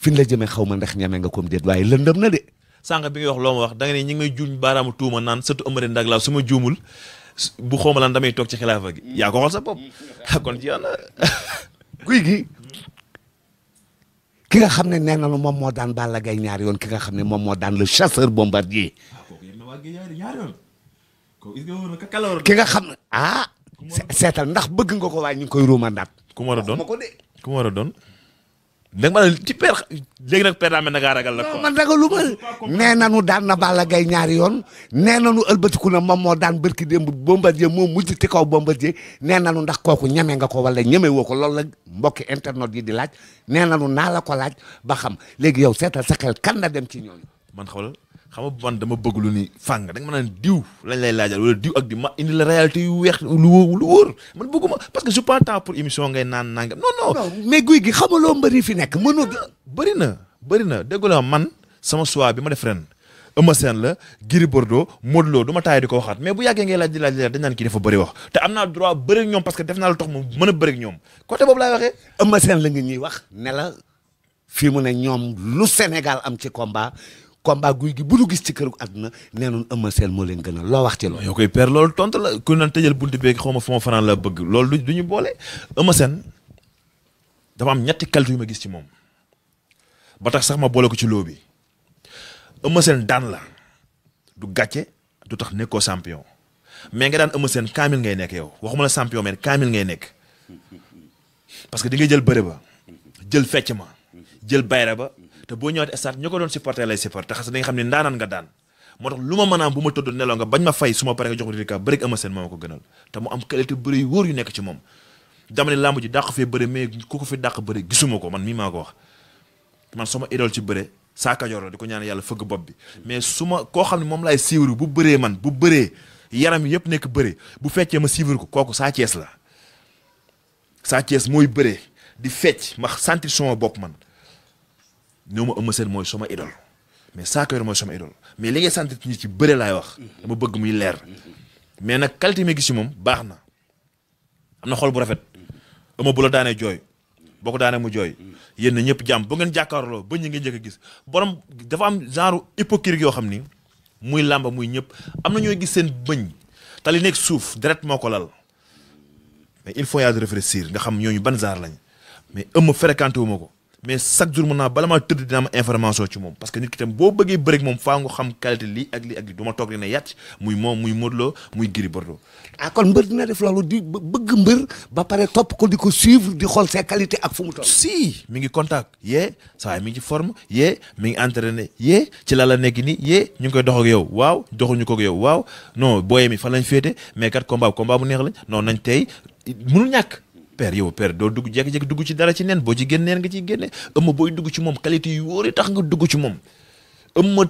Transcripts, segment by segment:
fi la jëmee xaw ma ndax ñame nga koom déet waaye lëndëm na de. sànq bi nga wax loo ma wax da nga ne ñi ngi may juuñ baaraamu tuuma naan surtout Amary Ndag laa su ma juumul bu xaw ma lan damay toog ci xilaafa gi yaa ko xool sa bopp kon ci yoon guy gi ki nga xam ne nee na lu moom moo daan Balla Gaye ñaari yoon ki nga xam ne moom moo daan le chasseur bombardier. Ah, ki nga xam ne ah. seetal ndax bëgg nga ko waaye ñu ngi koy ruumandaat. ku ma war a doon ku ma war a doon. da nga ma ci per léegi nag per daa mel na ragal la quoi. man ragalu ma nee nu daan na baala gay ñaari yoon nee na nañu ëlbatiku na moom moo daan bërki démb Bombardier moo mujj ci kaw Bombardier nee na nañu ndax kooku ñamee nga ko wala ñeme woo ko loolu la mbokki internet yi di laaj nee nañu naa la ko laaj ba xam léegi yow seetal sa xel kan la dem ci ñooñu. man xawla xam nga man dama bëgg lu ni fàng da nga a naan diw lañ lay laajal wala diw ak di ma indi la réalité yu weex lu wóor lu wóor man bëgguma parce que je pas temps pour émission ngay naan nangam non non. non mais guy gi xamaloo mbëri fi nekk mënoo. Ah, bëri na bëri na déggu la man sama choix bi ma def ren Eumeu Sène la Gris Bordeaux Modou Lô du ma taay di mais bu yàggee laaj di laaj dañ naan kii dafa bëri wax te am naa droit bëri ñoom parce def naa lu tax mu mën a bëri ak ñoom côté boobu laay waxee. Eumeu Sène la nga ñuy wax ne la fii mu ne ñoom lu senegal am ci combat combat guy gi bu nu gis ci këru àdduna nee nañu Eumeu Sène moo leen gënal loo wax ci loolu. yoo koy père loolu tontu la ku naan tëjal buntu beeg xaw ma loolu du ñu boole Eumeu am ñetti qualité yu ma gis ci moom ba tax sax ma ko ci loo bi Eumeu daan la du gàcce du tax nekkoo champion mais nga daan Eumeu Sène kaamil ngay nekk yow waxuma la champion mais kaamil ngay nekk que di nga jël bëre ba jël fecc ma jël bayra ba. te boo ñëwaat stade ñoo ko doon supporter lay supporter xas dañu xam ne ndaanaan nga daan moo tax lu ma mën a am bu ma tëdd nelaw nga bañ ma fay su ma paree nga jox ma délicat ko te mu am qualité bëri yu wóor nekk ci moom dama ne làmb ji dàq fee bëri mais ku ko fi dàq bëri gisuma ko man mii maa ko wax man sama idole ci bëre saakajoor di ko ñaan yàlla fëgg bopp bi mais su koo xam ne moom laay siiwru bu bëree man bu bëree yaram yëpp nekk bëre bu feccee ma siiwru ko kooku Sa Thiès la Sa Thiès mooy bëree di fecc ma sentir sama bopp man ñoo ma seen Sène mooy sama idole mais Sa Cayor mooy sama idole mais li ngay sant ñu ci bëre laay wax dama bëgg muy leer mais nag qualité mi gis moom baax na am na xol bu rafet ama bu la daanee jooy boo ko daanee mu jooy yéen ñëpp jàmm bu ngeen jàkkaarloo ba ñu ngi njëkk gis borom dafa am genre hypocrite yoo xam ni muy làmba muy ñëpp am na ñooy gis seen bëñ te nekk suuf deret moo ko lal mais il faut y réfléchir nga xam ñooñu ban genre lañ mais Eumeu fréquenté wu ma ko. mais chaque jour mën naa bala maa tëdd dina am information ci moom parce que nit ki tam boo bëggee bëreeg moom faa nga xam qualité lii ak lii ak lii du ma toog dina yàcc muy moom muy Modou Lo muy Gris Bordeaux ah kon mbër dina def loolu di bëgg mbër ba pare topp ko di ko suivre di xool ses qualités ak fu mu toll sii mi ngi contact yee saa yi mi ngi ci forme yee mi ngi ne yee ci la la nekk nii yee ñu ngi koy dox ak yow waaw doxuñu ko ak yow waaw non booyee mi fan lañ féete mais kat combat combat bu neex la non nañ tey mënul ñàkk père yow père doo dugg jékki-jékki dugg ci dara ci neen boo ci génneen nga ciy génne ëmma booy dugg ci moom qualité yu wóor yi tax nga dugg ci moom ëmma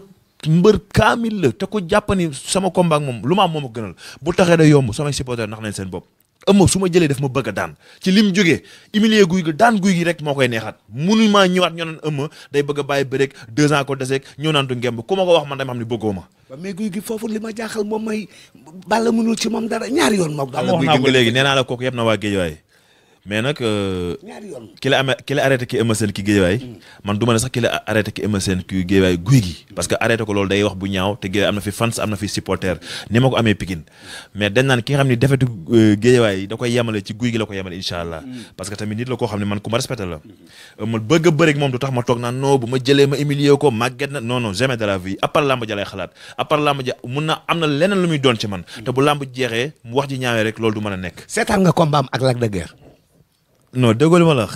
mbër kaamil la te ko jàpp ni sama combat ak moom lu ma am moom a gënal bu taxee da yomb samay supporter nax nañ seen bopp ëmma su ma jëlee daf ma bëgg a daan ci lim jógee humilier guy gi daan guy gi rek moo koy neexaat munu maa ñëwaat ñoo naan day bëgg a bàyyi bëreeg deux ans ko deseeg ñoo naan du ngemb ku ma ko wax man dama xam ne bëggoo ma mais guy gi foofu li ma jaaxal moom mooy bàlla mënul ci moom dara ñaari yoon moom wax naa ko léegi nee naa la kooku yëpp na waa géej waaye mais nag euh, ki la ki la arrêté ki Eumeu Sène ki Guédiawaye man du ma ne sax ki la arrêté ki Eumeu ki Guédiawaye Gouye Gui parce que arrêté ko loolu day wax bu ñaaw te Guédiawaye am na fi fans am na fi supporter ni ma amee Pikine mais dañ naan ki nga xam ne defetu euh, Guédiawaye da koy yemale ci guy gi la ko yemale incha allah mm. parce que tamit nit la koo xam ne man ku ma respecté la euh, a bëri moom du tax ma toog naan non bu ma jëlee ma humilier ko màgget na non non jamais la vie à part làmb ja lay xalaat à lu muy doon ci man mm. te bu jeexee mu wax ji rek loolu du mën a nekk seetaan nga combat am ak Lac de no déggoo li ma la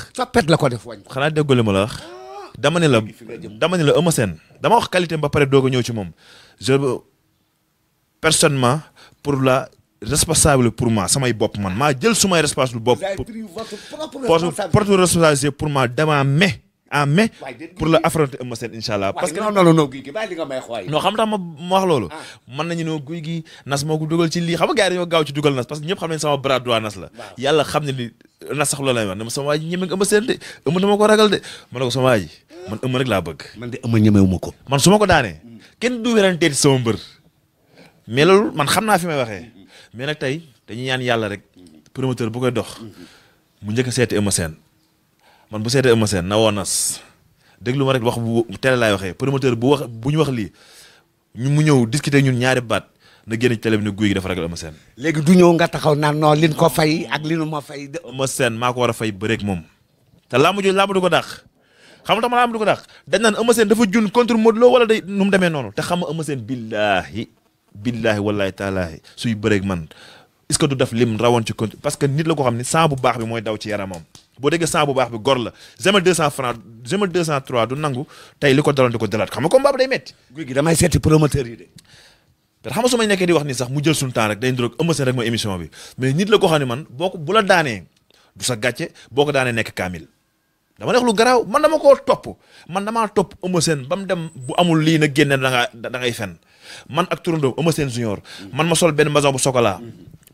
la ko def wañ. xanaa déggoo ma la wax. dama ne la dama ne la Eumeu Sène dama wax qualité ba pare doog ñëw ci moom je personnellement pour la responsable pour moi samay bopp man maa jël sumay responsable bopp. porte porte responsabilité pour moi dama mais en mai pour la affronter Eumeu Sène incha parce que non non non guy gi bàyyi li nga may wax loolu. Ah. mën nañu ne guy gi nas moo ko dugal ci lii xam nga gars yi dañoo gaaw ci dugal nas parce que ñëpp xam nañ sama bras nas la. yàlla xam ne li. na sax loolu lay wax ne ma sama waa ji ñeme nga ëmb seen de ëmb dama ko ragal de ma ne ko sama waa ji man ëmb rek laa bëgg. man de ëmb ñemewu ma ko. man su ma ko daanee kenn du weranteeti sama mbër mais loolu man xam naa fi may waxee mais nag tey dañuy ñaan yàlla rek promoteur bu koy dox mu njëkk a seeti ëmb bu seetee ëmb seen na woo nas déglu ma rek wax bu télé laay waxee promoteur bu wax bu ñu wax lii ñu mu ñëw discuter ñun ñaari baat. na génn ci télé bi ne guy gi dafa ragal Eumeu Sène du ñëw nga taxaw naan noo lin ko fay ak linu ma fay Eumeu Sène maa ko war a fay bëreeg moom te laa ma ju laa ma ko dàq xam nga tax ma laa ko dàq dañ naan dafa jun contre Modou wala day demee noonu te xam nga Eumeu Sène billaahi billaahi wallaahi taalaahi suy bëreeg man est-ce que du def lim rawoon ci contre parce que nit la ko xam ne sang bu baax bi mooy daw ci yaramam boo déggee sang bu baax bi gor la Zemel 200 francs Zemel 203 du nangu tey li ko daloon di ko dalaat xam nga combat bi day metti guy gi damay seeti promoteur yi de te xam nga su ma nekkee di wax ni sax mu jël suñu temps rek day ndroog ëmb seen rek mooy émission bi mais nit la ko xam ne man boo ko bu la daanee du sa gàcce boo ko daanee nekk kaamil dama nekk lu garaaw man dama koo topp man damaa topp ëmb seen ba mu dem bu amul lii na génne da nga da ngay fen man ak turandoom ëmb seen man ma sol benn maison bu sokola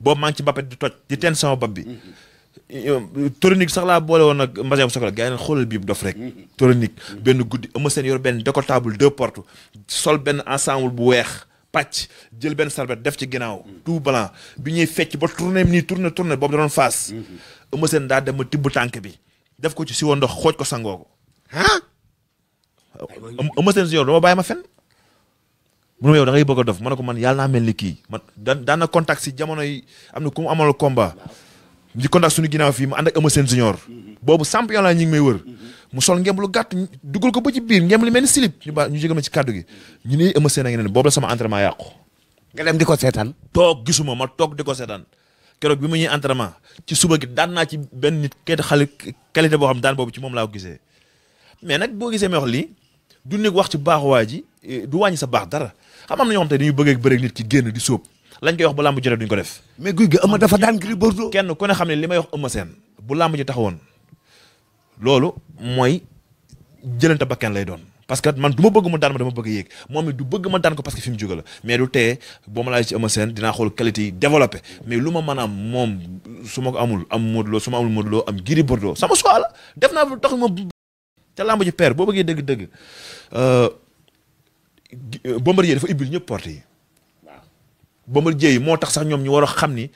boobu maa ngi ci mbappet di toj di teen sama bab bi toronique sax laa boole woon ak mbasin bu sokola gars yi neen xoolal bii dof rek toronique benn guddi ëmb seen yor benn décortable deux portes sol benn ensemble bu weex pàcc jël benn sarbet def ci ginnaaw. tout blanc bi ñuy fecc ba tourné nii tourné tourné boobu da doon faas. Mhm. Eumeu Sène daa dem ba tibb tànk bi. def ko ci siwo ndox xooj ko sangoo ko. ah. Eumeu Sène junior da bëgg a dof ko man yàlla naa mel ni kii man daan daan na contact si jamono yi am na ku mu amal combat. di contact suñu ginnaaw fii mu ànd ak Eumeu Sène junior. Mhm. boobu champion la ñu ngi may wër. Mhm. mu sol ngemb lu gàtt dugal ko ba ci biir ngemb li mel ni slip ñu ba ñu jégal ma ci kàddu gi ñu ne Eumeu Sène a ngi boobu la sama entraînement yàqu. nga di ko seetaan. toog gisuma ma toog di ko seetaan keroog bi ma ñuy entraînement ci suba gi daan naa ci benn nit kee xale qualité boo xam daan boobu ci moom laa gisee mais nag boo gisee may wax lii du nekk wax ci baaxuwaay ji eh, du wàññi sa baax dara na ñoo xam te dañuy bëgg ak bëreeg nit ki génn di sóob lañ koy wax bu làmb jotee duñ ko def. mais guy gi Eumeu dafa daan Gris Bordeaux. kenn ku ne xam ne li may wax Eumeu Sène bu làmb ji taxawoon loolu mooy ba bakkan lay doon parce que man du ma bëgg mu daan ma dama bëgg yéeg moom it du bëgg ma daan ko parce que fi mu la mais du teye boo ma laaj ci Eumeu Sène dinaa xool mais lu ma mën a am moom su ma ko amul am Modou Lo su ma amul Modou Lo am Gris Bordeaux sama choix la def naa tax ma te làmb ji père boo bëggee dëgg-dëgg euh, Bombardier ñëpp porte yi waaw Bombardier yi moo tax sax ñoom ñu war a xam ni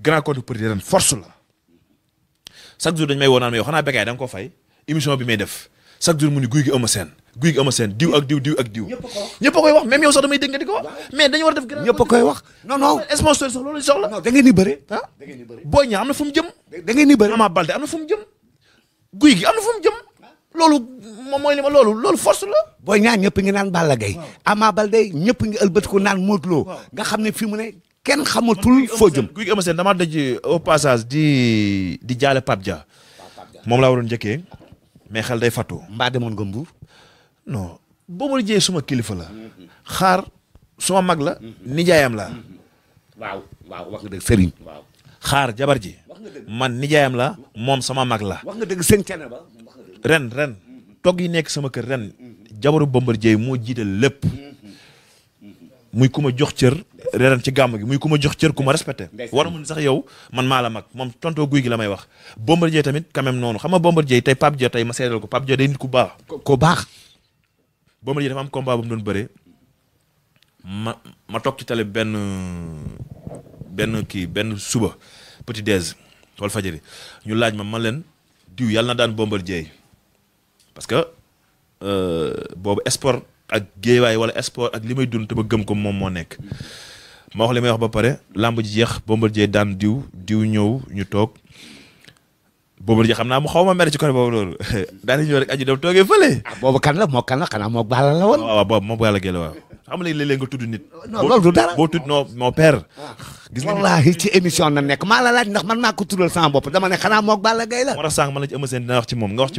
grand contre petit ren force la chaque jour dañ may woo naan ma yow xanaa Bécaye da ko fay émission bi may def chaque jour mu guy gi Eumeu diw ak diw diw ak diw. ñëpp a koy wax même yow sax damay dégg nga di ko wax. mais dañu war a def gën a. ñëpp a koy wax non non. sponsor sax loolu soxla. non da ngeen di bëre. ah da ngeen di bëre loolu moom mooy li ma loolu loolu force la. Boy Niang ñëpp naan Balla Gaye. Ama Baldé ñëpp ngi ëlbatiku naan Modou Lo nga xam ne fi mu ne kenn xamatul foo jëm. guy gi seen daj euh, au passage di di jaale Pape Dia. moom laa waroon njëkkee. mais xel day fàttu. mbaa demoon nga Mbour. non suma kilifa la. xaar suma mag la. nijaayam la waaw waaw xaar jabar ji. man nijaayam la moom sama mag la. wax nga dëgg sëñ Cene ba. ren ren. togg yi nekk sama kër ren. jabaru Bombardier moo jiital lépp. Mm-hmm. Mm-hmm. muy ku ma jox cër. reeran ci gàmm gi muy ku ma jox cër ku ma respecté war mun sax yow man maa la mag moom tontoo guy gi la may wax Bombardier tamit quand même noonu xam nga Bombardier tey Pape Dia tey ma seedal ko Pape Dia day nit ku baax ko baax Bombardier dafa am combat bu mu doon bëree ma ma toog ci tale benn benn kii benn suba petit déj wal fajari ñu laaj ma ma leen diw yàlla na daan Bombardier parce que euh, boobu sport ak géewaay wala sport ak li may dund te ba gëm ko moom moo nekk ma wax li may wax ba pare làmb ji jeex Bombardier daan diw diw ñëw ñu toog Bombardier xam naa mu xaw ma mer ci côté boobu loolu daan ñëw rek aju dem toogee fële. ah boobu kan la moo kan la xanaa moo Balla la woon. waaw waaw boobu moo Balla Gaye la waaw. xam nga léeg-léeg nga tudd nit. non loolu du dara boo tudd non mon père. gis nga wallaahi ci émission na nekk maa la laaj ndax man maa ko tuddal sama bopp dama ne xanaa moog Balla Gaye la. moo tax sànq man la ci ndax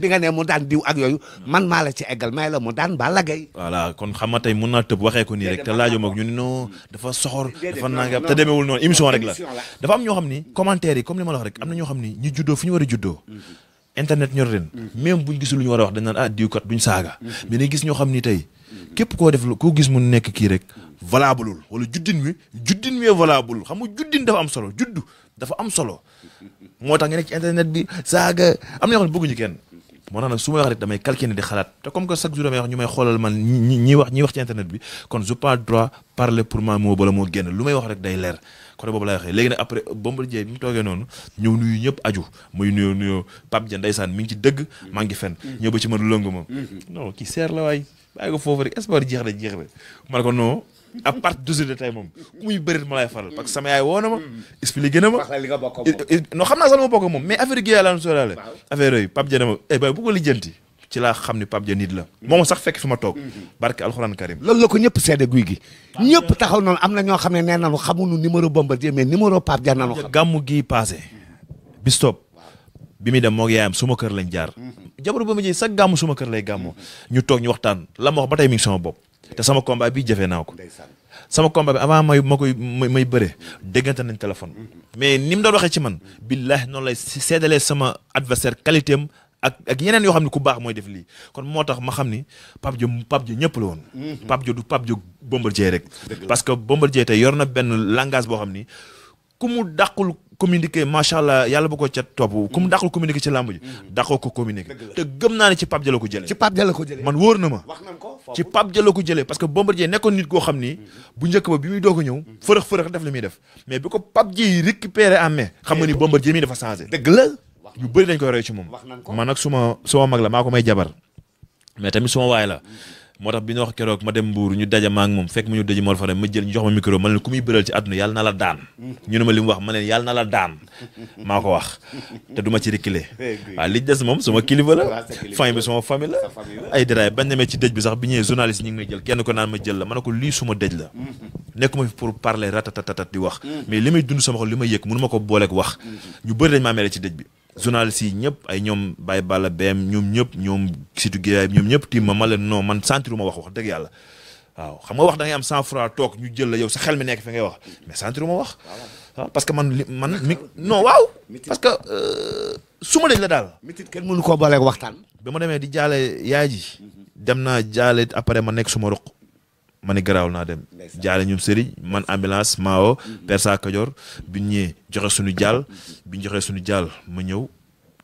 bi nga ne mu daan diw ak yooyu man maa ci eggal may la mu daan Balla Gaye. voilà kon xam nga tey mun naa tëb waxee ko nii rek te laajoo moog ñu ni dafa soxor dafa nangam te demeewul émission rek la dafa am ñoo xam ni commentaire yi comme li ma la wax rek am na ñoo xam ni ñu juddoo fi ñu war a juddoo mhm. internet ñor leen mhm. même buñ gisul lu ñu war a wax dañ naan ah diwkat duñ saaga mhm. mais dañuy gis ñoo xam ni tey képp koo def koo gis mu nekk kii rek valableul wala juddin wi juddin wi valable xam nga juddin dafa am solo juddu dafa am solo moo tax nga nekk ci internet bi saaga am na ñoo xam ne bëgguñu kenn moo tax nag su may wax rek damay calculer di xalaat te comme que chaque jour damay wax ñu may xoolal man ñi ñi wax ñi wax ci internet bi kon je pas droit parler pour ma moo bala moo génn lu may wax rek day leer côté boobu laay waxee léegi nag après Bombardier bi mu toogee noonu ñëw nuyu ñëpp aju muy nuyoo nuyoo Pape Dieng ndeysaan mi ngi ci dëgg maa ngi fen mm-hmm. ñëw ba ci man lëngu moom mm-hmm. non kii seer la waay bàyyi ko foofu rek espoir jeex na jeex na man ko non à partir de jour de tey moom ku muy bërit ma lay faral parce que sama yaay woo na ma xam naa sax ma bokk moom mais affaire géey laa sóoraale affaire yooyu Pape Dia dama eh bay bu ko ci laa xam ni Pape Dia nit la moom sax fekk fi ma toog barke alxuraan karim loolu la ko ñëpp seede guy gi ñëpp taxaw noonu am na ñoo xam ne nee nañu xamuñu numéro Bombardier mais numéro Pape Dia nañu xam gàmmu gii passé bis topp bi muy dem moo ngi yaayam suma kër lañ jaar mhm. jabaru ba ma jëy sax gàmmu suma kër lay gàmmu ñu toog ñu waxtaan la ma wax ba tey mi te sama combat bi jafe naa ko sama combat bi avant may ma koy may bëre déggante nañ téléphone mais ni mu doon waxee ci man billahi noonu lay seedalee sama adversaire qualité am ak ak yeneen yoo xam ne ku baax mooy def lii kon moo tax ma xam ni Pape Diop Pape Diop ñëpp la woon mhm. pab ju du pab Pape Diop Bombardier rek parce que Bombardier tey yor na benn langage boo xam ni ku mu dàqul communiqué macha allah yàlla bu ko ca topp ku mu dàqul communiqué ci làmb ji mm-hmm. dàqoo ko communiqué te gëm ci Pape Diallo ko ci Pape Diallo ko man wóor ma ci Pape Diallo ko parce que Bombardier nekkoon nit koo xam ni mm-hmm. bu njëkk ba bi muy doog a ñëw mm-hmm. fërëx fërëx def li muy def mais bi ko Pape ji récupéré en xam nga ni Bombardier mi dafa changé dëgg la ñu bëri dañ koy roy moom man nag suma mag la maa ko may jabar mais tamit suma la moo tax bi ñu wax keroog ma dem Mbour ñu daja maa ngi moom fekk ma ñu daje Mor Fadam ma jël ñu jox ma micro ma leen ku muy bëral ci àdduna yàlla na la daan ñu ne ma li mu wax ma leen yàlla na la daan maa ko wax te du ma ci reculer waaw li des moom sama kilifa la famille bi sama famille la ay daraay bañ demee ci dëj bi sax bi ñëwee journaliste ñi ngi may jël kenn ko naan ma jël la ma ne ko lii suma dëj la mhm. nekkuma fi pour parler ratatatatat di wax mhm. mais li may dund sama xol li may yëg mënu ma ko booleeg wax mhm. ñu bëri dañ maa mere bi journalistes yi ñëpp ay ñoom baay baala BM ñoom ñëpp ñoom surtout Guèye ñoom ñëpp tiim ma ma leen non man sentiruma wax wax dëgg yàlla waaw xam nga wax da ngay am cent toog ñu jël la yow sa xel mi nekk fi ngay wax mais sentiruma wax. waaw ah, parce que man li man mi non waaw. parce que euh, su ma dëj la daal. mitit kenn mënu koo booleeg waxtaan. bi ma demee di jaale yaay ji. Mhm. dem naa jaale après ma nekk suma ruq. ma ni garaaw naa dem jaale ñoom sëriñ man ambulance Mao mm-hmm. Persa Kajoor mm-hmm. bi ñu joxe suñu jaal bi ñu joxee suñu jaal ma ñëw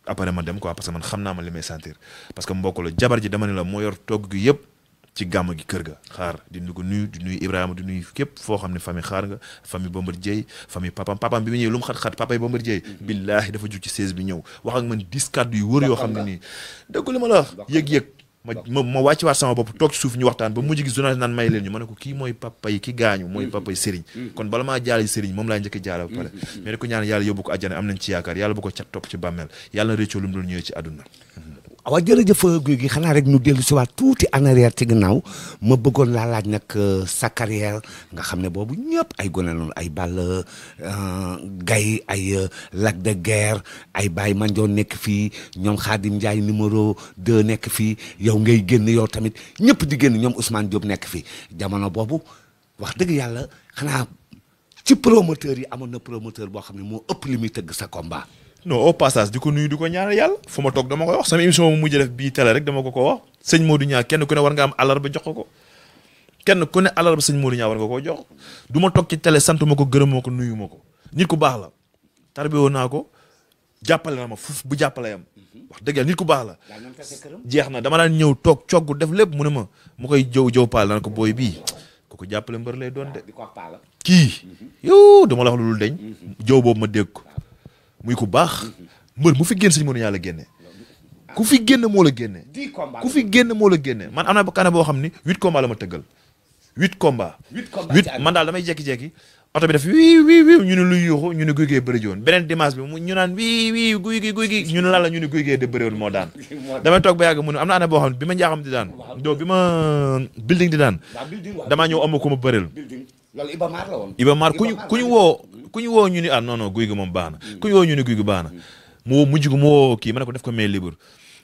après ma dem quoi parce que man xam naa ma li may sentir parce que mbokk la jabar ji dama ne la moo yor togg gi yëpp ci gàmm gi kër ga xaar di nu ko nuyu di nuyu Ibrahima di nuyu képp foo xam ne famille xaar nga famille Bombardier famille papam papam bi mu ñëw lu mu xat-xat papay Bombardier mm-hmm. billaahi dafa jug bi ñëw wax ak man 10 kàddu yu wër yoo xam ne nii dëgg li ma la yëg-yëg ma ma ma wàcc waat sama bopp toog ci suuf ba mujj gi journal naan may leen ñu ma ne ko kii mooy papa yi ki gaañu mooy mm-hmm. papa yi sëriñ mm-hmm. kon bala maa jaale sëriñ moom laay njëkk a jaale ba pare mm-hmm. mais di ko ñaan yàlla yóbbu ko àjjana am nañ ci yaakaar yàlla bu ko waaw jërëjëf guy gi xanaa rek ñu dellu si waat tuuti en arrière ci ginnaaw ma bëggoon laa laaj nag euh, sa nga xam ne boobu ñëpp ay gone noonu ay Balla euh, gay ay euh, Lac de Guiers ay Baye Mandione nekk fii ñoom Khadim Ndiaye numéro 2 nekk fii yow ngay génn yow tamit ñëpp di génn ñoom Ousmane Diop nekk fii jamono boobu wax dëgg yàlla xanaa ci promoteur yi amoon na promoteur boo xam ne moo ëpp li muy tëgg sa combat. non au passage di ko nuyu di ko ñaar yàlla fu ma toog dama koy wax sama émission mu mujj def bii ko ko wax sëñ ñaa kenn ku ne war nga am àllarba jox ko ko kenn ku ne àllarba sëñ Modou Niang war nga koo jox du ma toog ci télé sant ma ko gërëm ma ko nuyu ma ko nit ku baax la tarbiyoo naa ko jàppale na ma fuf bu jàppale am wax dëgg yàlla nit ku baax la jeex na dama daan ñëw toog cogg def lépp mu ne ma mu koy jëw jëw paal dana ko booy bii ku ko jàppale mbër lay doon de ah, kii mhm. yow dama la wax lu dul deñ mhm. ma dégg ko muy ku baax mbër mu fi génn sëñ mënu yàlla génne ku fi génn moo la génne ku fi génn moo la génne man am na kaane boo xam ni huit combat la ma tëggal huit combat huit man daal damay jekki-jekki oto bi def wii wii wii ñu ne luy yuuxu ñu ne guy gee bëri woon beneen dimanche bi mu ñu naan wii wii guy gi guy gi ñu ne lan la ñu ne guy gee de bëri moo daan damay toog ba yàgg mu am na année boo xam ne bi ma njaaxam di daan doo bi ma building di daan damaa ñëw ama ko ma bëril loolu Iba Mar la ku ñu woo ku ñu woo ñu ni ah, guy gi moom baax na ñu woo ñu ni guy gi baax na mu woo kii ma ne ko def ko main libre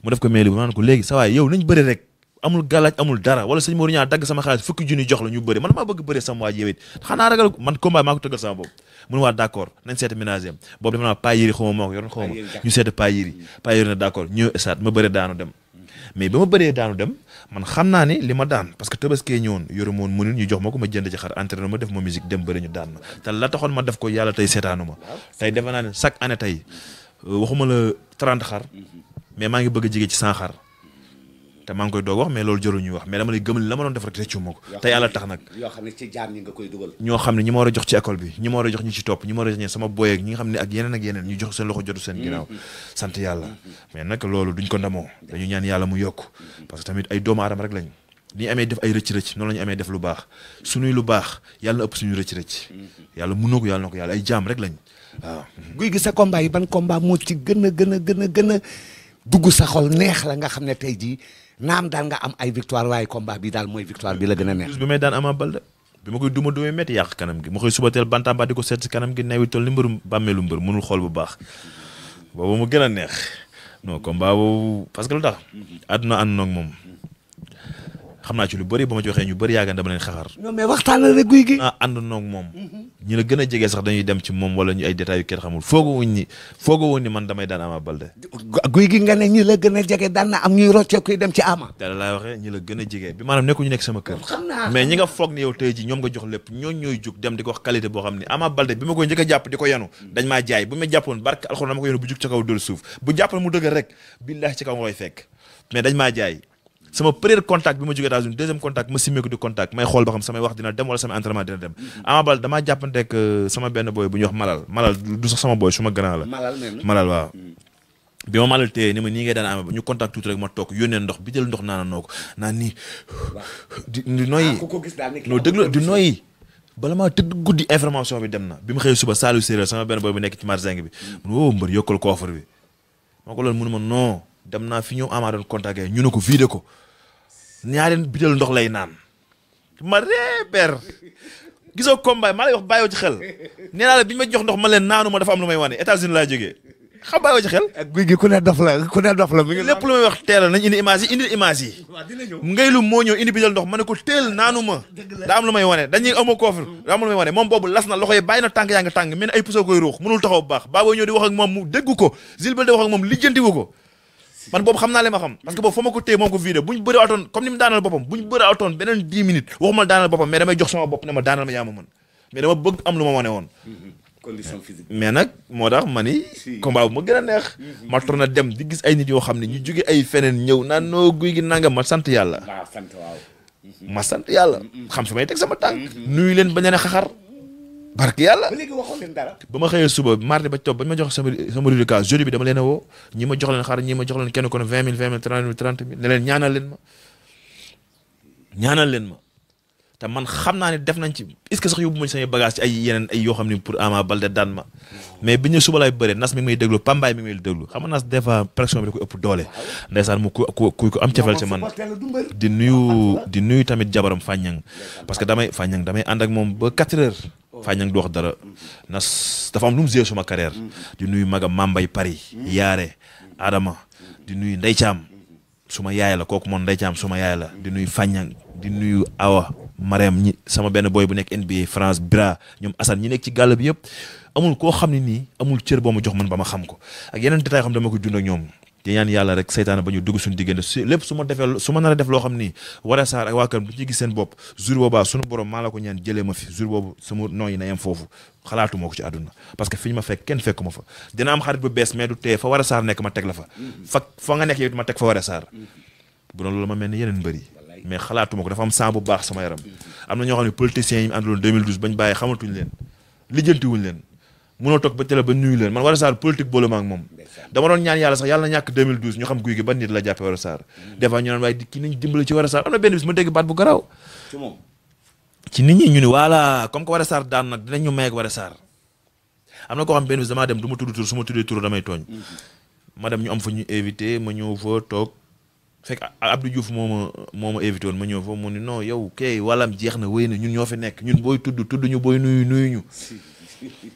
mu def ko main libre ma léegi sa waay yow nañ bëri rek amul galaaj amul dara wala sëñ Modou ñaa dagg sama xaalis fukki junni jox la ñu bëri man maa bëgg bëri sama waaj yow it xanaa ragal man combat maa ko tëggal sama bopp mu ne waa d' accord nañ seet ménage am boobu dafa naa paa yiri ñu seet na d' accord ñëw stade ma bëri daanu dem mais ba ma bëree daanu dem man xam naa ne li ma daan parce que tabaskee ñëwoon yoru moon mënul ñu jox ma ma jënd ci xar entraîné ma def ma musique dem bëri ñu daan ma te la taxoon ma def ko yàlla tey seetaanu ma tey defe naa ne chaque année tey waxuma la 30 xar mais maa ngi bëgg a ci 100 xar te maa ngi koy doog wax mais loolu jëru ñuy wax mais la ma doon def ko te yàlla ma war a jox ci a a jox ñi sama boyeeg ñi nga xam ne ak yeneen ak yeneen ñu jox seen loxo jotu seen mm-hmm. mm-hmm. tamit ay doomu rek lañ ni amee def ay rëcc-rëcc noonu la ñu amee def lu baax suñuy lu baax yàlla na ëpp suñu rëcc-rëcc mm-hmm. yàlla mënoo ko yàlla na ko yàlla ay jaam rek lañ guy gi sa ban combat moo ci gën a gën dugg sa xol neex la nga xam ne tey jii naam daal nga am ay victoire waaye combat bi daal mooy victoire bi la gën a neex. bi may daan Ama Baldé bi ma koy duma dumay métti yàq kanam gi ma koy subateel bantamba di ko seet si kanam gi newi toll ni mbërum bàmmeelu mbër mënul xool bu baax boobu mu gën a neex non combat boobu parce que lu tax àdduna ànd moom xam naa ci lu bëri ba ma ci waxee ñu bëri yàgg dama leen xaxar. non mais waxtaan rek guy gi. Ah, moom. Mhm. ñi la gën a jege sax dañuy dem ci moom wala ñu ay détails yu kenn xamul foogoo wuñ ni man damay daan Ama Baldé. guy gi nga ne ñi la gën a jege daan na am ñuy dem ci Ama. dara laay waxee ñi la gën a jege bi maanaam nekku ñu nekk sama kër. xam naa mais ñi nga foog ne yow tey ji ñoom nga jox lépp ñooñ ñooy jug dem di ko wax boo xam ne Ama Baldé bi ma koy njëkk a jàpp di ko yanu dañ maa jaay bu ma jàppoon barke alxuraan dama ko yanu bu jug ca kaw dóor suuf bu jàppoon mu dëgg rek billaahi ci kaw nga koy fekk mais dañ maa jaay sama premier contact bi ma jógee États-Unis deuxième contact ma simmeeku di contact may xool ba xam samay wax dina dem wala samay entraînement dina dem mm-hmm. Ama Baldé damaa jàppanteeg euh, sama benn boy bu ñuy wax Malal Malal du sax sama boy su ma grand la Malal waaw mm. bi ma malal téye ni ma nii ngay daan amee ba ñu contact tuuti rek ma toog yónnee ndox bi jël ndox naan noo ko naan nii di di noyyi ah, non déglu di noyyi bala maa tëdd guddi information bi dem na bi ma xëyee suba Saliou Séréer sama benn boy bu nekk ci marzingue bi mm. mun woo mbër yokkal koofar bi moo ko loolu mënu ma non dem naa fi ñoom Ama doon ñu ne ko vidé ko ñaareen bital ndox lay naan ma reebeer gisoo combat maa lay wax bàyyoo ci xel nee naa la bi ñu ma jox ndox ma leen naanu ma dafa am lu may wane États-Unis laa jógee xam bàyyoo ci xel. ak guy gi ku ne daf la ku ne daf la. mi ngi lépp lu may wax moo ñëw ko teel naanu ma. daa am lu may wane dañuy amoo koofir daa am lu may wane moom boobu las na loxo yi bàyyi na tàng yaa ngi tàng ay puso koy ruux mënul taxaw bu baax baaboo ñëw di wax ak mu dégg ko zil ba di wax ak moom ko man boobu xam naa li ma xam parce que boobu fa ma ko téye moom ko vidéo buñ bëri atoon comme ni mu daanal boppam buñ bëri atoon beneen dix minutes waxuma la daanal boppam mais dama bëgg am lu ma wane woon condition nag moo tax ma ni combat bu gën a neex mhm. ma torna dem di gis ay nit yoo xam ne ñu jóge ay feneen ñëw naan noo guy gi nanga ma sant yàlla ah, ma sant yàlla mhm. xam fi may teg sama tànk mhm. nuyu leen bañ a xaxar barke yàlla ba léegi waxoon leen dara. ba ma xëyee suba mardi ba topp ba ñu ma jox sama bi dama leen a woo ñi ma jox leen xar ñi ma jox leen kenn kon vingt mille vingt mille trente mille trente leen ñaanal leen ma ñaanal leen ma te man xam naa ne def nañ ci est ce que sax yóbbu ma samay bagage ci ay yeneen ay yoo xam ne pour Ama Baldé daan ma mais bi ñu suba lay bëree nas mi ngi may déglu Pambaay mi ngi may déglu xam nga nas des fois pression bi da koy ëpp doole ndeysaan mu ku ku ku am cafel ci man di nuyu di nuyu tamit jabaram Fàññang parce que damay Fàññang damay ànd ak moom ba 4 heures Fàññang du wax dara nas dafa am lu mu gée suma carrière di nuyu maga Mambay Paris Yaare Adama di nuyu Ndey Caam suma yaay la kooku moom Ndey Caam suma yaay la di nuyu Fàññang di nuyu Awa Marème ñi sama benn booy bu nekk NBA France Bra ñoom Assane ñi nekk ci gàll bi yëpp amul koo xam ne nii amul cër boo ma jox man ba ma xam ko ak yeneen détail xam dama ko jund ak ñoom di yàlla rek seytaane ba ñu dugg suñu diggante su su ma defee su ma a def loo xam ni war a saar a waa kër bu seen bopp jour boobaa suñu borom maa la ko ñaan jëlee ma fi jour boobu sama noo yi na yem foofu xalaatu ko ci àdduna parce que fi ñu ma fekk kenn fekku ma fa dina am xarit bu bees mais du tee fa war a saar nekk ma teg la fa fa fa nga nekk yow ma teg fa war a saar bu doon ma mel ni yeneen mbër yi mais xalaatuma ko dafa am sang bu baax sama yaram am na ñoo xam ne politiciens yi ñu bañ bàyyi xamatuñ leen lijjantiwuñ leen mënoo toog ba télé ba nuyu leen man Wara Sarr politique boole ma moom dama doon ñaan yàlla sax yàlla na ñàkk 2012 ñu xam guy gi ban nit la jàppe Wara Sarr mm. des fois ñu naan ma dégg baat bu garaaw ci nit ñu ni voilà comme que Wara am na koo xam benn bis dem du ma tudd tur su ma tuddee tur damay tooñ mm-hmm. ma dem ñu am fa ñu invité ma ñëw fa toog fekk Abdou Diouf moo ma moo ma évité ma ñëw foofu mu ni non yow kay walam jeex na wéy na ñun ñoo fi nekk ñun booy tudd tudd ñu booy nuyu nuyu ñu